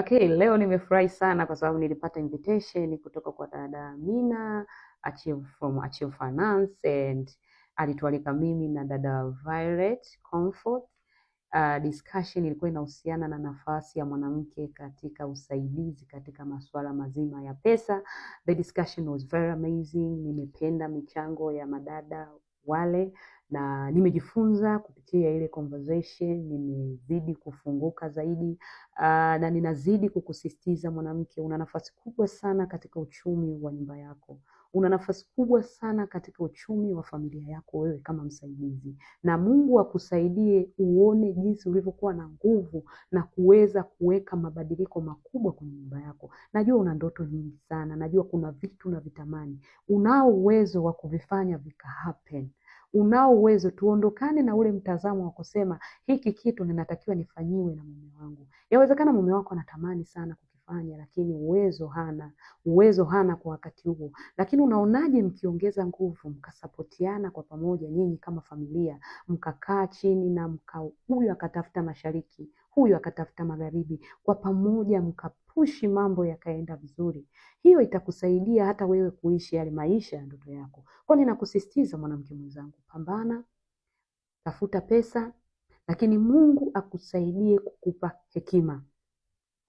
Okay, leo nimefurahi sana kwa sababu nilipata invitation kutoka kwa dada Amina Achieve from Achieve Finance and alitualika mimi na dada Violet Comfort. Uh, discussion ilikuwa inahusiana na nafasi ya mwanamke katika usaidizi katika masuala mazima ya pesa. The discussion was very amazing. Nimependa michango ya madada wale, na nimejifunza kupitia ile conversation, nimezidi kufunguka zaidi Uh, na ninazidi kukusisitiza mwanamke, una nafasi kubwa sana katika uchumi wa nyumba yako, una nafasi kubwa sana katika uchumi wa familia yako, wewe kama msaidizi, na Mungu akusaidie uone jinsi ulivyokuwa na nguvu na kuweza kuweka mabadiliko makubwa kwenye nyumba yako. Najua una ndoto nyingi sana, najua kuna vitu na vitamani unao uwezo wa kuvifanya vika happen unao uwezo, tuondokane na ule mtazamo wa kusema hiki kitu ninatakiwa nifanyiwe na mume wangu. Yawezekana mume wako anatamani sana kukifanya, lakini uwezo hana, uwezo hana kwa wakati huo. Lakini unaonaje mkiongeza nguvu, mkasapotiana kwa pamoja, nyinyi kama familia, mkakaa chini na mka huyu akatafuta mashariki huyu akatafuta magharibi, kwa pamoja mkapushi mambo yakaenda vizuri. Hiyo itakusaidia hata wewe kuishi yale maisha ya ndoto yako. Kwa nini nakusisitiza, mwanamke mwenzangu, pambana, tafuta pesa, lakini Mungu akusaidie kukupa hekima.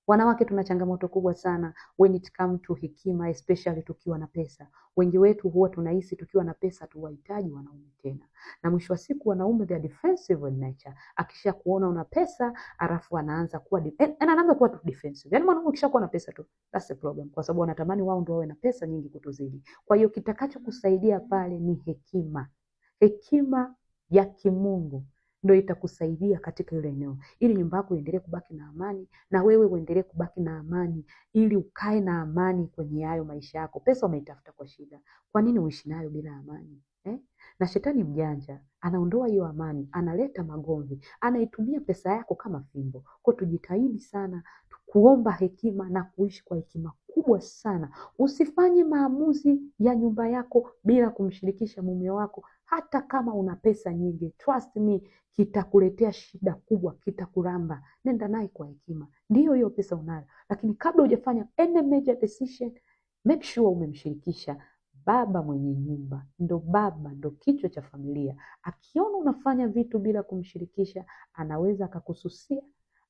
Wanawake tuna changamoto kubwa sana when it come to hekima, especially tukiwa na pesa. Wengi wetu huwa tunahisi tukiwa na pesa tuwahitaji wanaume tena, na mwisho wa siku wanaume they are defensive in nature. Akisha kuona una pesa alafu anaanza kuwa anaanza kuwa tu defensive, yani mwanaume akishakuwa na pesa tu that's a problem, kwa sababu wanatamani wao ndio wawe na pesa nyingi kutuzidi. Kwa hiyo kitakachokusaidia pale ni hekima, hekima ya kimungu ndo itakusaidia katika ile eneo, ili nyumba yako iendelee kubaki na amani na wewe uendelee kubaki na amani, ili ukae na amani kwenye hayo maisha yako. Pesa umeitafuta kwa shida, kwa nini uishi nayo bila amani eh? Na shetani mjanja anaondoa hiyo amani, analeta magomvi, anaitumia pesa yako kama fimbo. Kwa tujitahidi sana kuomba hekima na kuishi kwa hekima kubwa sana. Usifanye maamuzi ya nyumba yako bila kumshirikisha mume wako hata kama una pesa nyingi, trust me, kitakuletea shida kubwa, kitakuramba. Nenda naye kwa hekima. Ndiyo hiyo pesa unayo, lakini kabla hujafanya any major decision, make sure umemshirikisha baba mwenye nyumba. Ndo baba, ndo kichwa cha familia. Akiona unafanya vitu bila kumshirikisha, anaweza akakususia,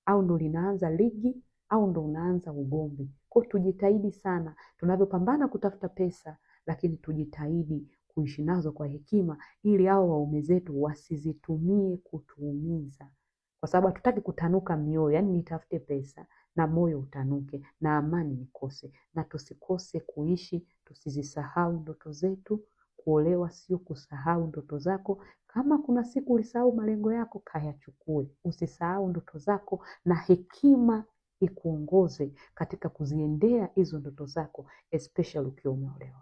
au ndo linaanza ligi au ndo unaanza ugomvi. Kwa tujitahidi sana tunavyopambana kutafuta pesa, lakini tujitahidi kuishi nazo kwa hekima, ili hao waume zetu wasizitumie kutuumiza, kwa sababu hatutaki kutanuka mioyo. Yani nitafute pesa na moyo utanuke na amani nikose, na tusikose kuishi, tusizisahau ndoto zetu. Kuolewa sio kusahau ndoto zako. Kama kuna siku ulisahau malengo yako, kayachukue, usisahau ndoto zako, na hekima ikuongoze katika kuziendea hizo ndoto zako, especially ukiwa umeolewa.